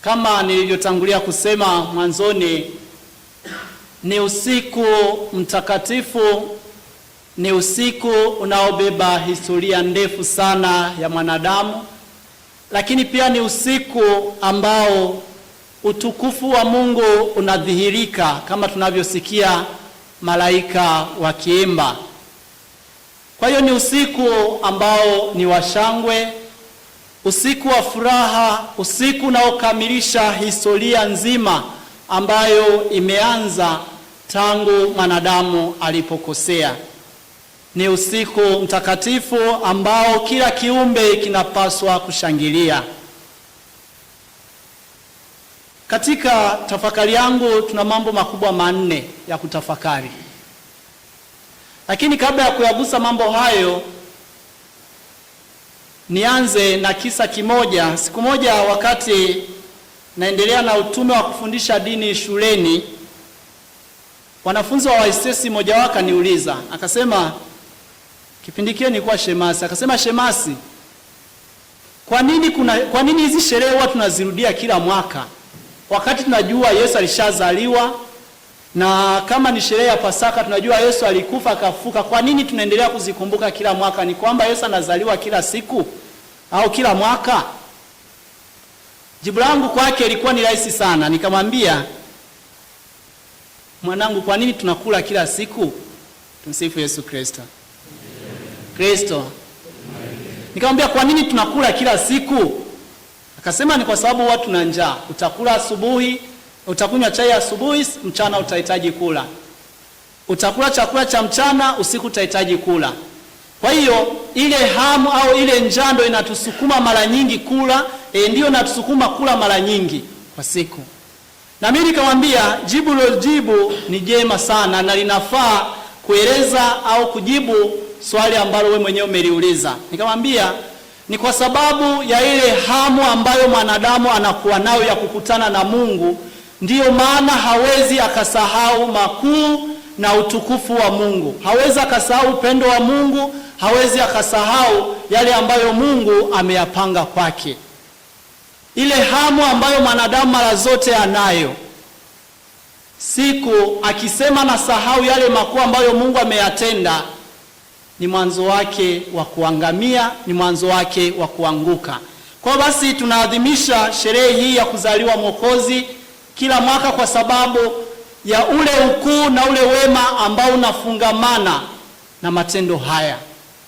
Kama nilivyotangulia kusema mwanzoni, ni usiku mtakatifu, ni usiku unaobeba historia ndefu sana ya mwanadamu, lakini pia ni usiku ambao utukufu wa Mungu unadhihirika kama tunavyosikia malaika wakiimba. Kwa hiyo ni usiku ambao ni wa shangwe usiku wa furaha, usiku unaokamilisha historia nzima ambayo imeanza tangu mwanadamu alipokosea. Ni usiku mtakatifu ambao kila kiumbe kinapaswa kushangilia. Katika tafakari yangu tuna mambo makubwa manne ya kutafakari, lakini kabla ya kuyagusa mambo hayo Nianze na kisa kimoja. Siku moja wakati naendelea na utume wa kufundisha dini shuleni, wanafunzi wa waisesi mmoja wao akaniuliza akasema, kipindi kile nilikuwa shemasi, akasema, shemasi, kwa nini kuna kwa nini hizi sherehe huwa tunazirudia kila mwaka wakati tunajua Yesu alishazaliwa na kama ni sherehe ya Pasaka tunajua Yesu alikufa akafuka. Kwa nini tunaendelea kuzikumbuka kila mwaka? Ni kwamba Yesu anazaliwa kila siku? au kila mwaka? Jibu langu kwake ilikuwa ni rahisi sana, nikamwambia mwanangu, kwa nini tunakula kila siku? Tumsifu Yesu Kristo. Kristo, nikamwambia kwa nini tunakula kila siku? Akasema ni kwa sababu watu na njaa, utakula asubuhi, utakunywa chai asubuhi, mchana utahitaji kula, utakula chakula cha mchana, usiku utahitaji kula kwa hiyo ile hamu au ile njando inatusukuma mara nyingi kula e, eh, ndiyo natusukuma kula mara nyingi kwa siku. Na mimi nikamwambia jibu lilojibu ni jema sana na linafaa kueleza au kujibu swali ambalo we mwenyewe umeliuliza. Nikamwambia ni kwa sababu ya ile hamu ambayo mwanadamu anakuwa nayo ya kukutana na Mungu, ndiyo maana hawezi akasahau makuu na utukufu wa Mungu. Hawezi akasahau upendo wa Mungu, hawezi akasahau yale ambayo Mungu ameyapanga kwake, ile hamu ambayo mwanadamu mara zote anayo siku akisema na sahau yale makuu ambayo Mungu ameyatenda, ni mwanzo wake wa kuangamia, ni mwanzo wake wa kuanguka. Kwa basi tunaadhimisha sherehe hii ya kuzaliwa Mwokozi kila mwaka kwa sababu ya ule ukuu na ule wema ambao unafungamana na matendo haya,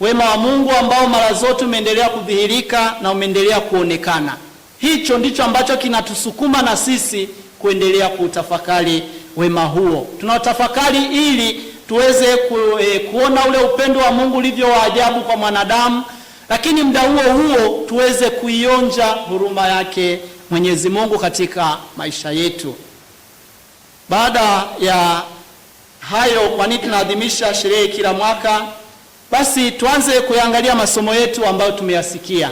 wema wa Mungu ambao mara zote umeendelea kudhihirika na umeendelea kuonekana. Hicho ndicho ambacho kinatusukuma na sisi kuendelea kutafakari wema huo, tunaotafakari ili tuweze ku, e, kuona ule upendo wa Mungu ulivyo wa ajabu kwa mwanadamu, lakini muda huo huo tuweze kuionja huruma yake Mwenyezi Mungu katika maisha yetu. Baada ya hayo, kwa nini tunaadhimisha sherehe kila mwaka? Basi tuanze kuyaangalia masomo yetu ambayo tumeyasikia.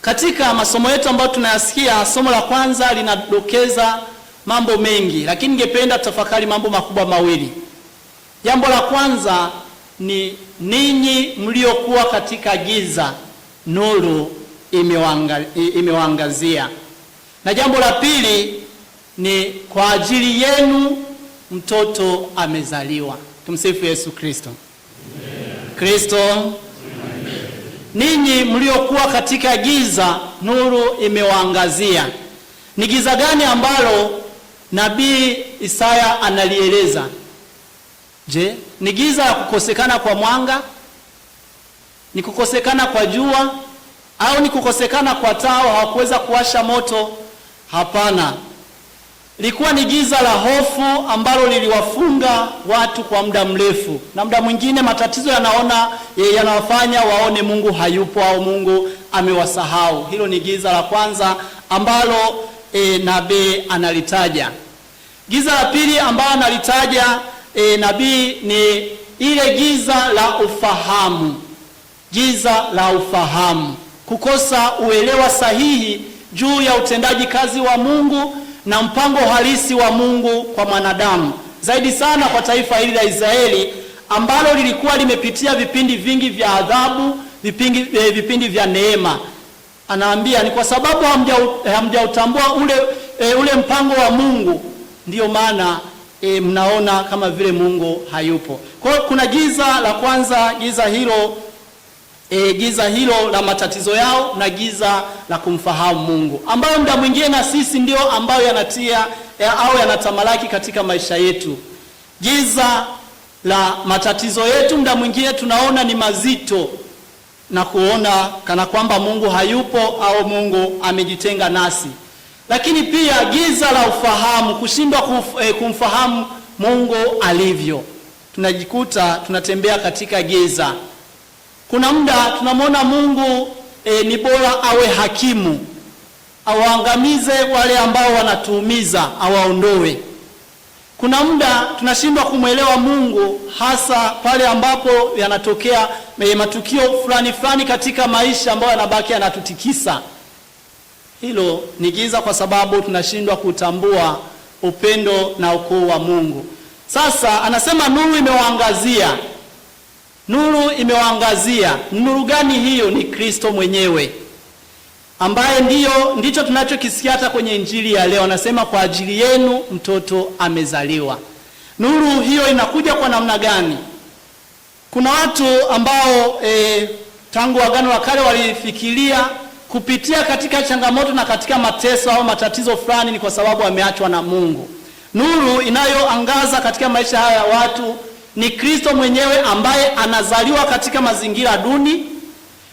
Katika masomo yetu ambayo tunayasikia, somo la kwanza linadokeza mambo mengi, lakini ningependa tafakari mambo makubwa mawili. Jambo la kwanza ni ninyi mliokuwa katika giza, nuru imewangazia, na jambo la pili ni kwa ajili yenu mtoto amezaliwa. Tumsifu Yesu Kristo. Kristo, ninyi mliokuwa katika giza, nuru imewaangazia. Ni giza gani ambalo nabii Isaya analieleza? Je, ni giza la kukosekana kwa mwanga? Ni kukosekana kwa jua au ni kukosekana kwa taa, hawakuweza kuwasha moto? Hapana likuwa ni giza la hofu ambalo liliwafunga watu kwa muda mrefu, na muda mwingine matatizo yanaona eh, yanawafanya waone Mungu hayupo au Mungu amewasahau. Hilo ni giza la kwanza ambalo e, nabii analitaja. Giza la pili ambalo analitaja e, nabii ni ile giza la ufahamu, giza la ufahamu, kukosa uelewa sahihi juu ya utendaji kazi wa Mungu na mpango halisi wa Mungu kwa mwanadamu, zaidi sana kwa taifa hili la Israeli ambalo lilikuwa limepitia vipindi vingi vya adhabu, vipindi, eh, vipindi vya neema. Anaambia ni kwa sababu hamjautambua ule, eh, ule mpango wa Mungu, ndiyo maana e, mnaona kama vile Mungu hayupo. Kwa hiyo kuna giza la kwanza, giza hilo e, giza hilo la matatizo yao na giza la kumfahamu Mungu, ambayo muda mwingine na sisi ndio ambayo yanatia ya, au yanatamalaki katika maisha yetu. Giza la matatizo yetu muda mwingine tunaona ni mazito na kuona kana kwamba Mungu hayupo au Mungu amejitenga nasi, lakini pia giza la ufahamu, kushindwa kuf, eh, kumfahamu Mungu alivyo, tunajikuta tunatembea katika giza. Kuna muda tunamwona Mungu e, ni bora awe hakimu, awaangamize wale ambao wanatuumiza, awaondoe. Kuna muda tunashindwa kumwelewa Mungu, hasa pale ambapo yanatokea matukio fulani fulani katika maisha ambayo yanabaki yanatutikisa. Hilo ni giza, kwa sababu tunashindwa kutambua upendo na ukuu wa Mungu. Sasa anasema nuru imewaangazia Nuru imewaangazia. Nuru gani hiyo? Ni Kristo mwenyewe ambaye ndiyo ndicho tunachokisikia hata kwenye injili ya leo, anasema kwa ajili yenu mtoto amezaliwa. Nuru hiyo inakuja kwa namna gani? Kuna watu ambao e, tangu Agano la Kale walifikiria kupitia katika changamoto na katika mateso au matatizo fulani ni kwa sababu ameachwa na Mungu. Nuru inayoangaza katika maisha haya ya watu ni Kristo mwenyewe ambaye anazaliwa katika mazingira duni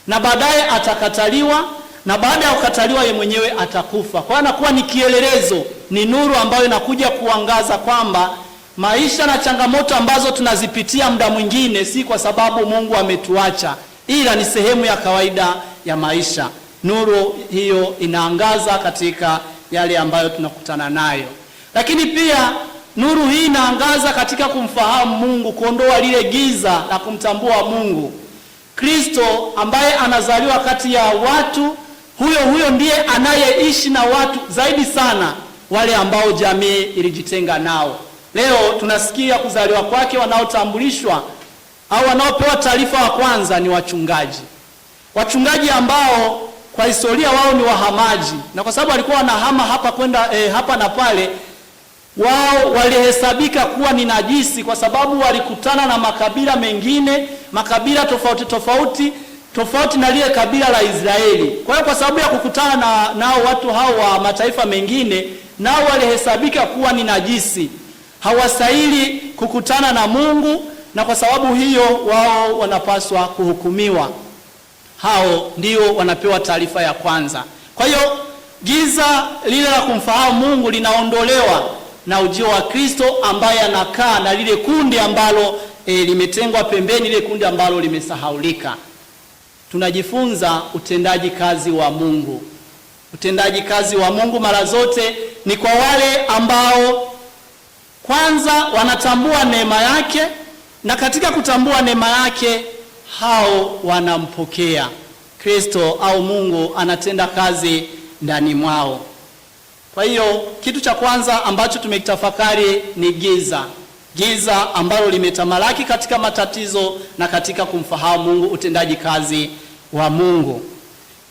na baadaye atakataliwa na baada ya kukataliwa ye mwenyewe atakufa. Kwa hiyo anakuwa ni kielelezo, ni nuru ambayo inakuja kuangaza kwamba maisha na changamoto ambazo tunazipitia muda mwingine si kwa sababu Mungu ametuacha, ila ni sehemu ya kawaida ya maisha. Nuru hiyo inaangaza katika yale ambayo tunakutana nayo, lakini pia Nuru hii inaangaza katika kumfahamu Mungu, kuondoa lile giza na kumtambua Mungu. Kristo ambaye anazaliwa kati ya watu, huyo huyo ndiye anayeishi na watu zaidi sana wale ambao jamii ilijitenga nao. Leo tunasikia kuzaliwa kwake, wanaotambulishwa au wanaopewa taarifa wa kwanza ni wachungaji. Wachungaji ambao kwa historia wao ni wahamaji, na kwa sababu walikuwa wanahama hapa kwenda eh, hapa na pale wao walihesabika kuwa ni najisi kwa sababu walikutana na makabila mengine, makabila tofauti tofauti tofauti na lile kabila la Israeli. Kwa hiyo kwa sababu ya kukutana na nao watu hao wa mataifa mengine, nao walihesabika kuwa ni najisi, hawastahili kukutana na Mungu, na kwa sababu hiyo wao wanapaswa kuhukumiwa. Hao ndio wanapewa taarifa ya kwanza. Kwa hiyo giza lile la kumfahamu Mungu linaondolewa na ujio wa Kristo ambaye anakaa na lile kundi ambalo e, limetengwa pembeni, lile kundi ambalo limesahaulika. Tunajifunza utendaji kazi wa Mungu. Utendaji kazi wa Mungu mara zote ni kwa wale ambao kwanza wanatambua neema yake, na katika kutambua neema yake hao wanampokea Kristo au Mungu anatenda kazi ndani mwao. Kwa hiyo kitu cha kwanza ambacho tumekitafakari ni giza, giza ambalo limetamalaki katika matatizo na katika kumfahamu Mungu, utendaji kazi wa Mungu.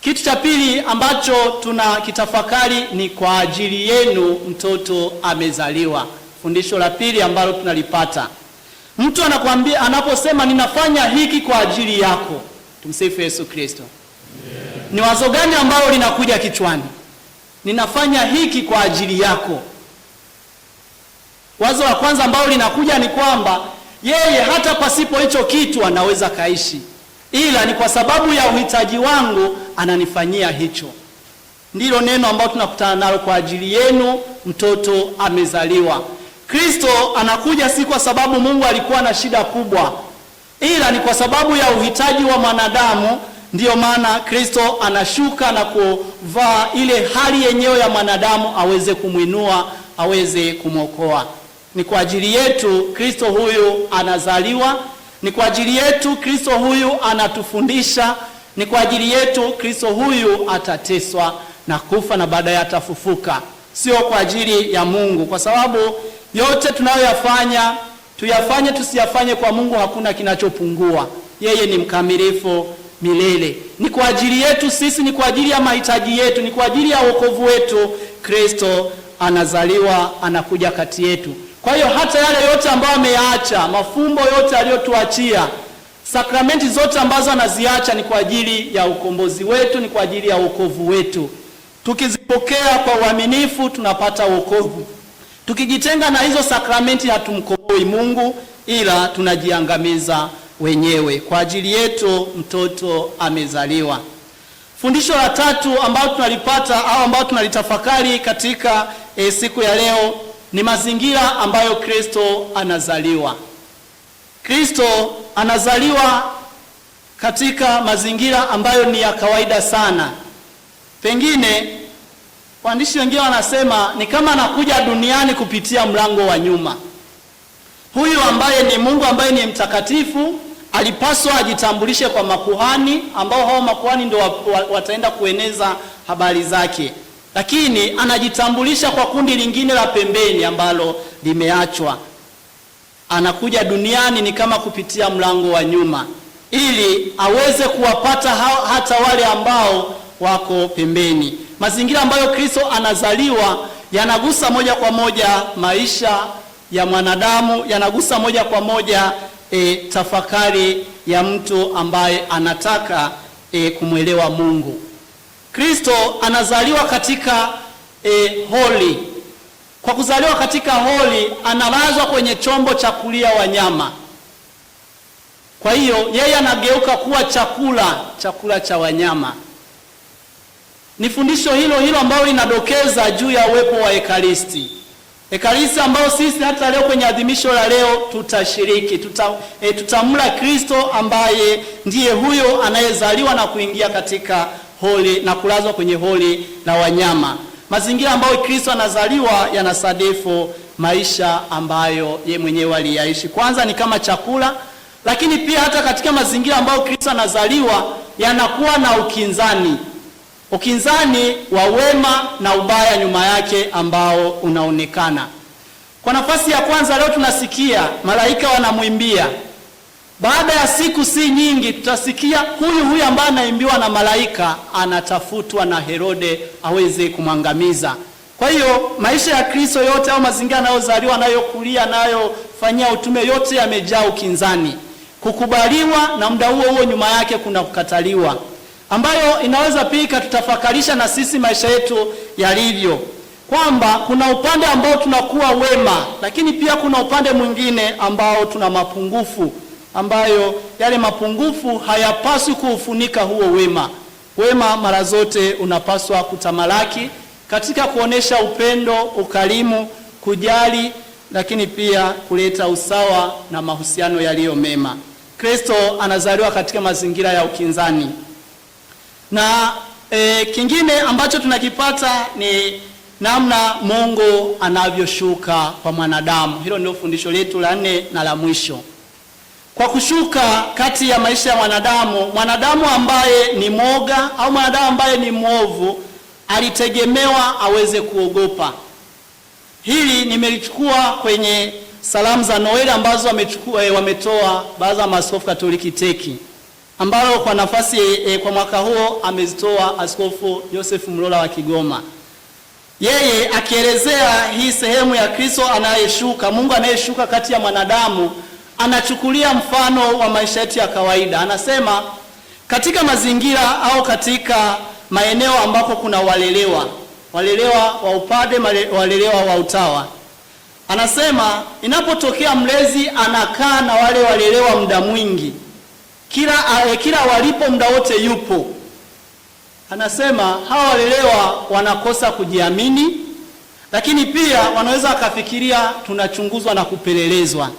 Kitu cha pili ambacho tuna kitafakari ni kwa ajili yenu mtoto amezaliwa. Fundisho la pili ambalo tunalipata, mtu anakuambia, anaposema ninafanya hiki kwa ajili yako. Tumsifu Yesu Kristo. Yeah. Ni wazo gani ambalo linakuja kichwani? ninafanya hiki kwa ajili yako. Wazo la kwanza ambalo linakuja ni kwamba yeye hata pasipo hicho kitu anaweza kaishi, ila ni kwa sababu ya uhitaji wangu ananifanyia hicho. Ndilo neno ambalo tunakutana nalo kwa ajili yenu, mtoto amezaliwa. Kristo anakuja si kwa sababu Mungu alikuwa na shida kubwa, ila ni kwa sababu ya uhitaji wa mwanadamu Ndiyo maana Kristo anashuka na kuvaa ile hali yenyewe ya mwanadamu aweze kumwinua, aweze kumwokoa. Ni kwa ajili yetu Kristo huyu anazaliwa, ni kwa ajili yetu Kristo huyu anatufundisha, ni kwa ajili yetu Kristo huyu atateswa na kufa na baadaye atafufuka, sio kwa ajili ya Mungu, kwa sababu yote tunayoyafanya tuyafanye tusiyafanye kwa Mungu, hakuna kinachopungua. Yeye ni mkamilifu milele. Ni kwa ajili yetu sisi, ni kwa ajili ya mahitaji yetu, ni kwa ajili ya wokovu wetu. Kristo anazaliwa, anakuja kati yetu. Kwa hiyo hata yale yote ambayo ameyaacha, mafumbo yote aliyotuachia, sakramenti zote ambazo anaziacha ni kwa ajili ya ukombozi wetu, ni kwa ajili ya wokovu wetu. Tukizipokea kwa uaminifu, tunapata wokovu. Tukijitenga na hizo sakramenti, hatumkomboi Mungu, ila tunajiangamiza wenyewe. Kwa ajili yetu mtoto amezaliwa. Fundisho la tatu ambalo tunalipata au ambalo tunalitafakari katika e, siku ya leo ni mazingira ambayo Kristo anazaliwa. Kristo anazaliwa katika mazingira ambayo ni ya kawaida sana. Pengine waandishi wengine wanasema ni kama anakuja duniani kupitia mlango wa nyuma. Huyu ambaye ni Mungu ambaye ni mtakatifu alipaswa ajitambulishe kwa makuhani ambao hao makuhani ndio wataenda kueneza habari zake, lakini anajitambulisha kwa kundi lingine la pembeni ambalo limeachwa. Anakuja duniani ni kama kupitia mlango wa nyuma, ili aweze kuwapata hata wale ambao wako pembeni. Mazingira ambayo Kristo anazaliwa yanagusa moja kwa moja maisha ya mwanadamu, yanagusa moja kwa moja e, tafakari ya mtu ambaye anataka e, kumwelewa Mungu. Kristo anazaliwa katika e, holi. Kwa kuzaliwa katika holi, analazwa kwenye chombo cha kulia wanyama. Kwa hiyo yeye anageuka kuwa chakula, chakula cha wanyama. Ni fundisho hilo hilo ambalo linadokeza juu ya uwepo wa Ekaristi. Ekaristi ambayo sisi hata leo kwenye adhimisho la leo tutashiriki tuta, e, tutamla Kristo ambaye ndiye huyo anayezaliwa na kuingia katika holi na kulazwa kwenye holi la wanyama. Mazingira ambayo Kristo anazaliwa yanasadifu maisha ambayo ye mwenyewe aliyaishi. Kwanza ni kama chakula, lakini pia hata katika mazingira ambayo Kristo anazaliwa yanakuwa na ukinzani ukinzani wa wema na ubaya nyuma yake ambao unaonekana. Kwa nafasi ya kwanza leo tunasikia malaika wanamwimbia. Baada ya siku si nyingi tutasikia huyu huyu ambaye anaimbiwa na malaika anatafutwa na Herode aweze kumwangamiza. Kwa hiyo maisha ya Kristo yote au mazingira anayozaliwa anayokulia anayofanyia utume yote yamejaa ukinzani, kukubaliwa na muda huo huo nyuma yake kuna kukataliwa ambayo inaweza pia ikatutafakarisha na sisi maisha yetu yalivyo, kwamba kuna upande ambao tunakuwa wema, lakini pia kuna upande mwingine ambao tuna mapungufu, ambayo yale mapungufu hayapaswi kuufunika huo wema. Wema mara zote unapaswa kutamalaki katika kuonesha upendo, ukarimu, kujali, lakini pia kuleta usawa na mahusiano yaliyo mema. Kristo anazaliwa katika mazingira ya ukinzani na e, kingine ambacho tunakipata ni namna Mungu anavyoshuka kwa mwanadamu. Hilo ndio fundisho letu la nne na la mwisho, kwa kushuka kati ya maisha ya mwanadamu. Mwanadamu ambaye ni mwoga au mwanadamu ambaye ni mwovu alitegemewa aweze kuogopa. Hili nimelichukua kwenye salamu za Noeli ambazo wamechukua eh, wametoa baadhi ya maaskofu Katoliki teki ambalo kwa nafasi e, kwa mwaka huo amezitoa Askofu Yosefu Mlola wa Kigoma, yeye akielezea hii sehemu ya Kristo anayeshuka, Mungu anayeshuka kati ya mwanadamu, anachukulia mfano wa maisha yetu ya kawaida. Anasema katika mazingira au katika maeneo ambako kuna walelewa, walelewa wa upade, walelewa wa utawa, anasema inapotokea mlezi anakaa na wale walelewa muda mwingi kila, eh, kila walipo muda wote yupo. Anasema hawa walelewa wanakosa kujiamini, lakini pia wanaweza wakafikiria tunachunguzwa na kupelelezwa.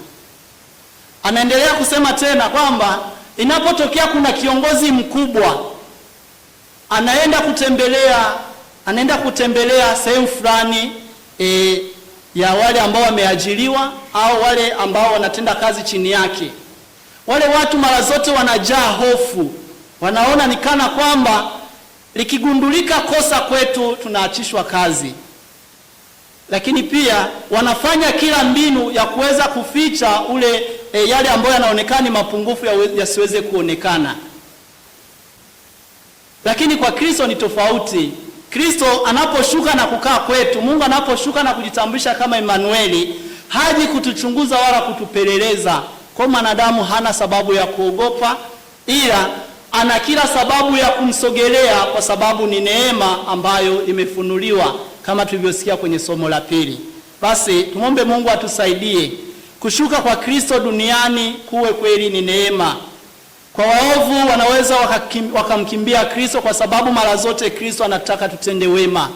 Anaendelea kusema tena kwamba inapotokea kuna kiongozi mkubwa anaenda kutembelea anaenda kutembelea sehemu fulani e, ya wale ambao wameajiriwa au wale ambao wanatenda kazi chini yake wale watu mara zote wanajaa hofu, wanaona ni kana kwamba likigundulika kosa kwetu tunaachishwa kazi, lakini pia wanafanya kila mbinu ya kuweza kuficha ule e, yale ambayo yanaonekana ni mapungufu yasiweze ya kuonekana. Lakini kwa Kristo ni tofauti. Kristo anaposhuka na kukaa kwetu, Mungu anaposhuka na kujitambulisha kama Emanueli, haji kutuchunguza wala kutupeleleza kwa mwanadamu hana sababu ya kuogopa, ila ana kila sababu ya kumsogelea, kwa sababu ni neema ambayo imefunuliwa kama tulivyosikia kwenye somo la pili. Basi tumombe Mungu atusaidie kushuka kwa Kristo duniani kuwe kweli ni neema. Kwa waovu wanaweza wakamkimbia waka Kristo, kwa sababu mara zote Kristo anataka tutende wema,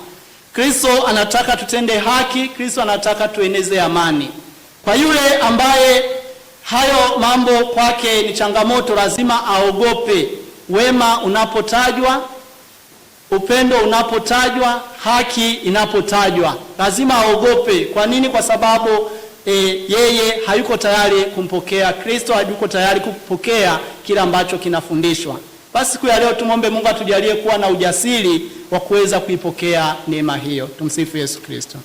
Kristo anataka tutende haki, Kristo anataka tueneze amani. Kwa yule ambaye hayo mambo kwake ni changamoto, lazima aogope. Wema unapotajwa, upendo unapotajwa, haki inapotajwa, lazima aogope. Kwa nini? Kwa sababu e, yeye hayuko tayari kumpokea Kristo, hayuko tayari kupokea kila ambacho kinafundishwa. Basi siku ya leo tumwombe Mungu atujalie kuwa na ujasiri wa kuweza kuipokea neema hiyo. Tumsifu Yesu Kristo.